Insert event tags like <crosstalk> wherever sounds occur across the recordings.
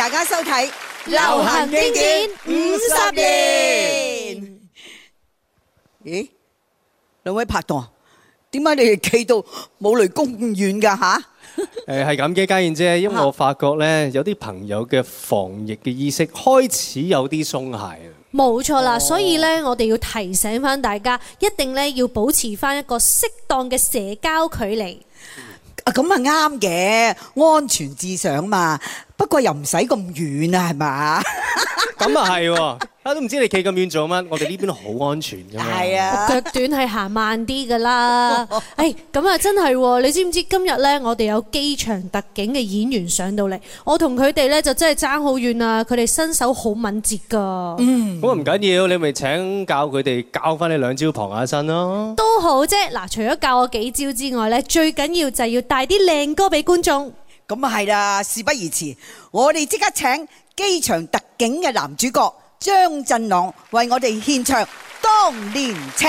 大家收睇流行經典五十年。咦，兩位拍檔，點解你哋企到冇雷公咁遠㗎吓？誒，係咁嘅，家燕姐，因為我發覺咧，有啲朋友嘅防疫嘅意識開始有啲鬆懈啊。冇錯啦，所以咧，我哋要提醒翻大家，一定咧要保持翻一個適當嘅社交距離。啊，咁啊啱嘅，安全至上嘛。不過又唔使咁遠 <laughs> <laughs> 啊，係咪啊？咁啊係喎，都唔知你企咁遠做乜。我哋呢邊好安全㗎嘛。啊，腳短係行慢啲㗎啦。誒、哎，咁啊真係喎，你知唔知今日咧我哋有機場特警嘅演員上到嚟，我同佢哋咧就真係爭好遠啊。佢哋身手好敏捷㗎。嗯，嗯，咁唔緊要，你咪請教佢哋教翻你兩招旁下身咯。都好啫，嗱，除咗教我幾招之外咧，最緊要就係要帶啲靚歌俾觀眾。咁啊係啦，事不宜遲，我哋即刻請機場特警嘅男主角張振朗為我哋獻唱《當年情》。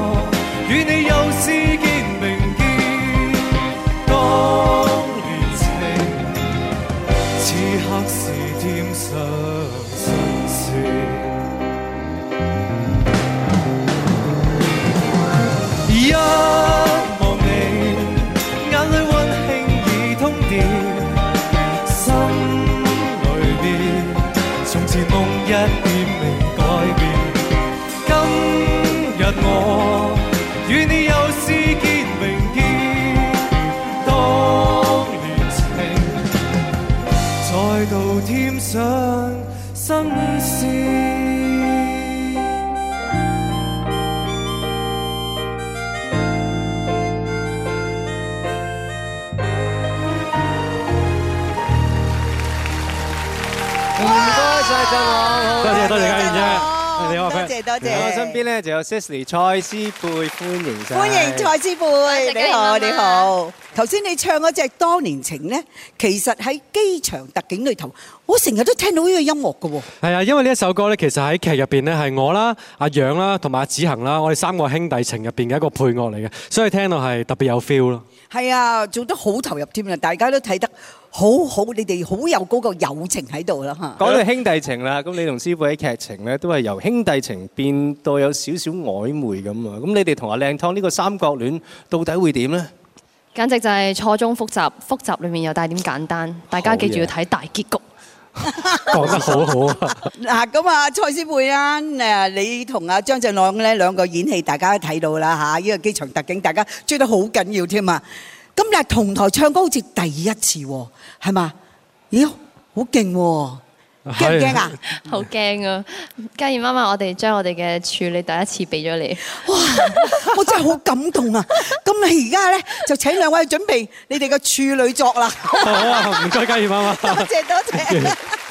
多謝多謝，你好謝謝我身邊咧就有 Sisley 蔡思貝，歡迎曬。歡迎蔡思貝，你好你好。頭先你唱嗰隻《多年情》咧，其實喺機場特警裏頭，我成日都聽到呢個音樂嘅喎。係啊，因為呢一首歌咧，其實喺劇入邊咧係我啦、阿楊啦同埋阿子恆啦，我哋三個兄弟情入邊嘅一個配樂嚟嘅，所以聽到係特別有 feel 咯。係啊，做得好投入添啊，大家都睇得。好好，你哋好有嗰個友情喺度啦嚇。講到兄弟情啦，咁你同師傅喺劇情咧都係由兄弟情變到有少少曖昧咁啊。咁你哋同阿靚湯呢個三角戀到底會點咧？簡直就係錯綜複雜，複雜裡面又帶點簡單，大家記住要睇大結局。講得好好啊！嗱，咁啊，蔡師傅啦，誒，你同阿張振朗咧兩個演戲，大家都睇到啦嚇。呢個機場特警，大家追得好緊要添啊！今日同台唱歌好似第一次喎，係嘛？咦，好勁喎！驚唔驚啊？好驚啊！嘉儀媽媽，我哋將我哋嘅處女第一次俾咗你。哇！我真係好感動啊！咁你而家咧就請兩位準備你哋嘅處女作啦。好啊！唔該，嘉儀媽媽。多謝多謝。 <laughs>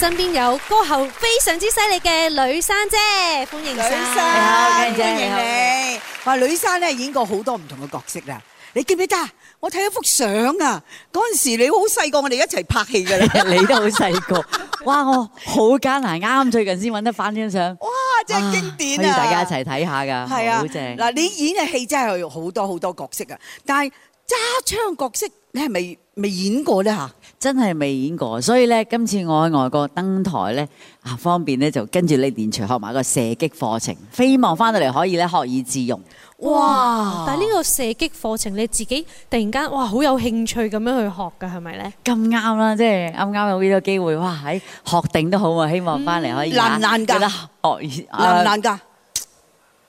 身邊有歌后非常之犀利嘅女生姐，歡迎女生，歡迎你。話女生咧演過好多唔同嘅角色啦，你記唔記得？我睇咗一幅相啊，嗰陣時你好細個，我哋一齊拍戲㗎啦，你都好細個。哇，我好艱難，啱啱最近先搵得返張相。哇，真係經典啊！可以大家一齊睇下㗎，係啊，好正。嗱，你演嘅戲真係好多好多角色啊，但係揸槍角色。你係咪未演過呢？吓？真係未演過，所以呢，今次我喺外國登台呢，啊，方便呢就跟住你連隨學埋個射擊課程，希望翻到嚟可以咧學以致用。哇！哇，但係呢個射擊課程你自己突然間哇好有興趣咁樣去學噶，係咪呢？咁啱啦，即係啱啱有呢個機會哇！喺學定都好啊，希望翻嚟可以學、嗯、難唔難噶？呃、難唔難噶？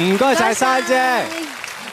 唔該晒，珊姐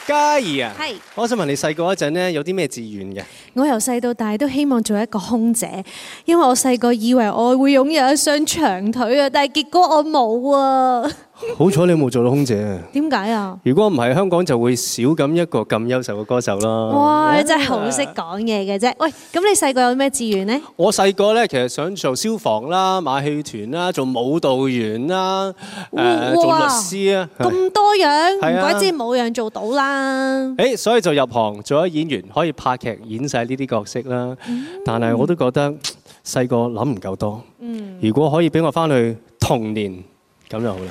嘉儀啊，我想問你細個嗰陣咧有啲咩志願嘅？我由細到大都希望做一個空姐，因為我細個以為我會擁有一雙長腿啊，但係結果我冇啊。好彩你冇做到空姐，點解啊？如果唔係，香港就會少咁一個咁優秀嘅歌手啦。哇！你真係好識講嘢嘅啫。的喂，咁你細個有咩志願呢？我細個呢，其實想做消防啦、馬戲團啦、做舞蹈員啦、呃、哇做律師啊。咁多樣，唔的怪之冇樣做到啦。誒、欸，所以就入行做咗演員，可以拍劇演晒呢啲角色啦。嗯、但係我都覺得細個諗唔夠多。嗯。如果可以俾我翻去童年，咁就好啦。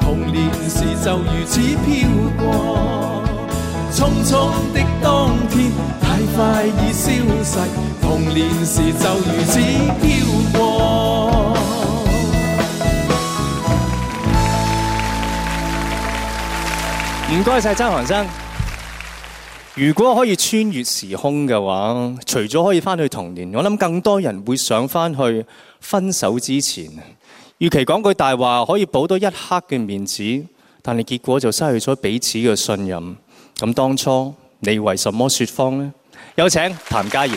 童年時就如此飄過，匆匆的當天太快已消逝。童年時就如此飄過。唔該晒曾航生。如果可以穿越時空嘅話，除咗可以翻去童年，我諗更多人會想翻去分手之前。與其講句大話可以保多一刻嘅面子，但係結果就失去咗彼此嘅信任。咁當初你為什麼説謊呢？有請譚嘉儀。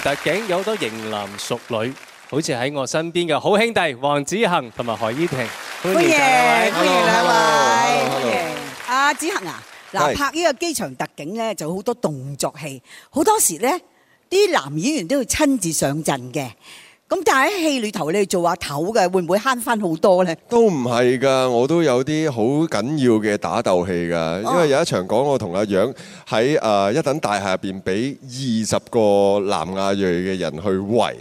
特警有好多型男淑女，好似喺我身邊嘅好兄弟黃子恆同埋何依婷，歡迎兩位，歡迎兩位，歡迎。阿子恆啊，嗱拍呢個機場特警咧就好多動作戲，好多時咧啲男演員都要親自上陣嘅。咁但係喺戲裏頭你哋做下頭嘅，會唔會慳翻好多呢？都唔係噶，我都有啲好緊要嘅打鬥戲噶，因為有一場講我同阿楊喺誒一等大廈入邊俾二十個南亞裔嘅人去圍。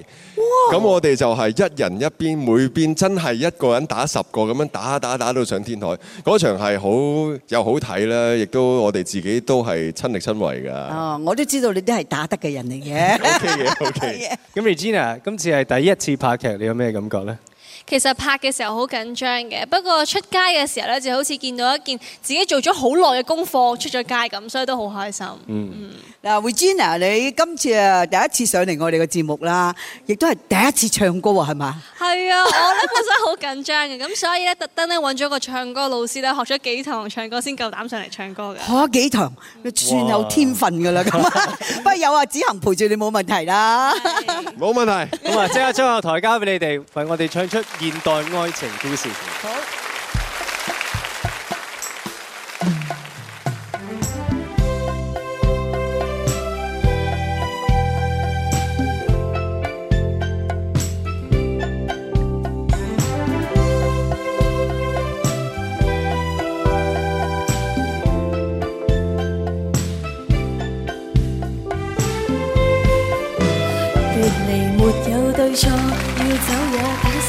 咁我哋就係一人一邊，每邊真係一個人打十個咁樣打，打打打到上天台，嗰場係好又好睇啦，亦都我哋自己都係親力親為噶。哦，我都知道你都係打得嘅人嚟嘅。 <laughs> OK 嘅，OK 嘅。咁 <laughs> Regina，今次係第一次拍劇，你有咩感覺咧？其實拍嘅時候好緊張嘅，不過出街嘅時候咧就好似見到一件自己做咗好耐嘅功課出咗街咁，所以都好開心。嗯，嗱，Regina，你今次啊第一次上嚟我哋嘅節目啦，亦都係第一次唱歌喎，係咪？係啊，我咧本身好緊張嘅，咁所以咧特登咧揾咗個唱歌老師咧學咗幾堂唱歌先夠膽上嚟唱歌㗎。學咗幾堂，算有天分㗎啦。不過有啊，子恆陪住你冇問題啦。冇問題。咁啊，即刻將個台交俾你哋，為我哋唱出。現代愛情故事。好。別離沒有對錯。嗯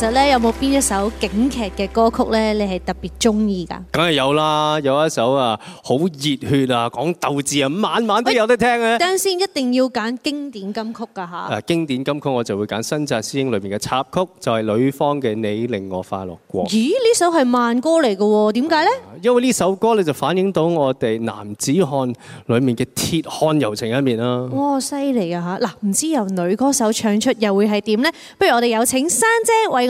其實咧，有冇邊一首警劇嘅歌曲咧？你係特別中意噶？梗係有啦，有一首啊，好熱血啊，講鬥志啊，晚晚都有得聽嘅。等陣先一定要揀經典金曲噶吓。誒，經典金曲我就會揀《新紮師兄》裏面嘅插曲，就係女方嘅《你令我快樂過》。咦？呢首係慢歌嚟嘅，點解咧？因為呢首歌咧就反映到我哋《男子漢》裏面嘅鐵漢柔情一面啦。哇，犀利啊吓！嗱，唔知由女歌手唱出又會係點咧？不如我哋有請珊姐為。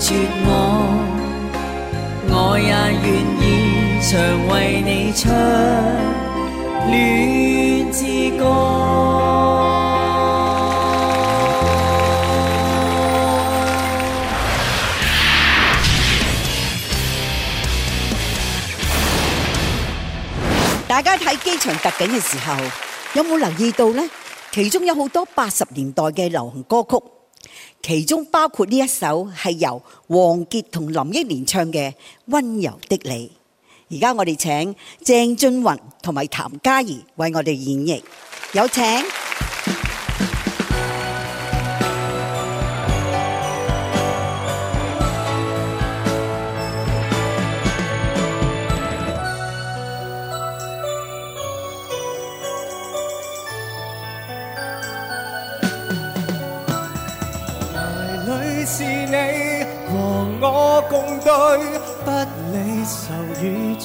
絕我，我也願意常為你唱戀之歌。大家睇機場特警嘅時候，有冇留意到呢？其中有好多八十年代嘅流行歌曲。其中包括呢一首係由王傑同林憶蓮唱嘅《溫柔的你》，而家我哋請鄭俊弘同埋譚嘉儀為我哋演繹，有請。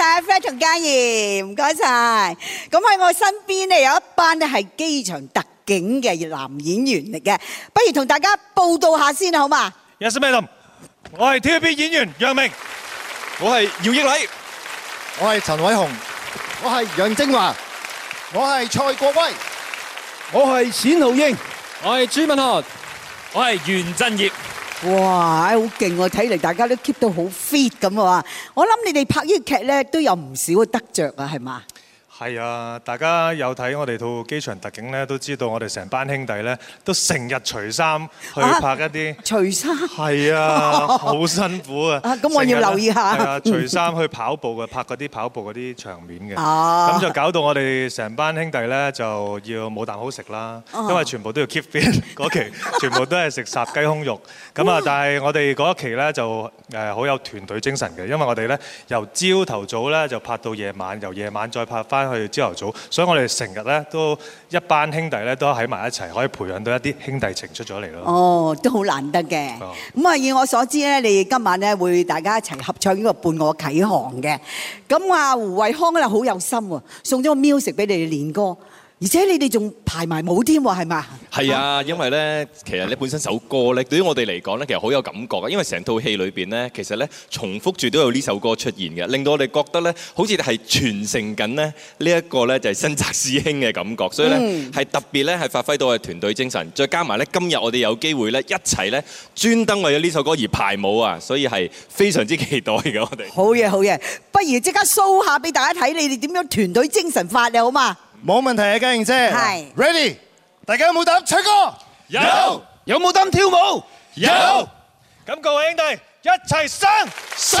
多謝 Fred 同嘉儀，唔該曬。咁喺我身邊咧有一班咧係機場特警嘅男演員嚟嘅，不如同大家報道下先好嘛？Yes，madam，我係 TVB 演員楊明，我係姚亦澧，我係陳偉洪，我係楊證樺，我係蔡國威，我係冼灝英，我係朱敏瀚，我係袁鎮業。哇！好勁喎！睇嚟大家都 keep 到好 fit 咁喎。我諗你哋拍呢個劇咧，都有唔少嘅得着啊，係嘛？係啊，大家有睇我哋套機場特警咧，都知道我哋成班兄弟咧都成日除衫去拍一啲除衫係啊，好、啊、 <laughs> 辛苦啊！啊，咁我要常常常留意下。係啊，除衫去跑步嘅拍啲跑步啲場面嘅。哦、啊，咁就搞到我哋成班兄弟咧就要冇啖好食啦，啊、因為全部都要 keep fit <laughs> <laughs> 期，全部都係食殺雞胸肉。咁啊哇，咁但係我哋一期咧就誒好有團隊精神嘅，因為我哋咧由朝頭早咧就拍到夜晚，由夜晚再拍翻。去朝頭早，所以我哋成日咧都一班兄弟咧都喺埋一齊，可以培養到一啲兄弟情出咗嚟咯。哦，都好難得嘅。咁啊、哦，以我所知咧，你哋今晚咧會大家一齊合唱呢個《伴我啓航》嘅。咁啊，胡慧康咧好有心喎，送咗個 music 俾你哋練歌。而且你哋仲排埋舞添喎，係咪啊？係啊，因為呢，其實你本身首歌呢，對於我哋嚟講呢，其實好有感覺啊。因為成套戲裏邊呢，其實呢重複住都有呢首歌出現嘅，令到我哋覺得呢，好似係傳承緊呢呢一個呢就係新澤師兄嘅感覺。所以呢，係特別呢係發揮到嘅團隊精神，再加埋呢今日我哋有機會呢一齊呢專登為咗呢首歌而排舞啊！所以係非常之期待嘅，我哋。好嘢，好嘢！不如即刻 show 下俾大家睇，你哋點樣團隊精神發嘅好嘛？冇問題啊，嘉儀姐，ready？大家有冇膽唱歌？有。有冇膽跳舞？有。咁各位兄弟一齊上上！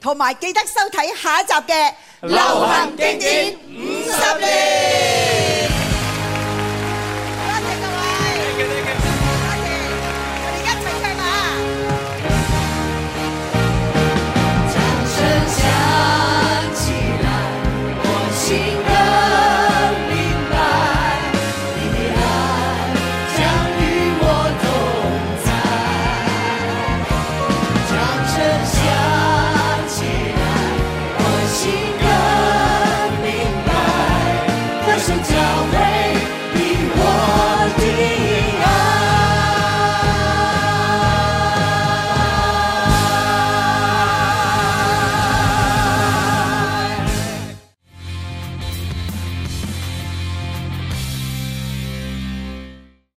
同埋，記得收睇下一集嘅《流行經典五十年》。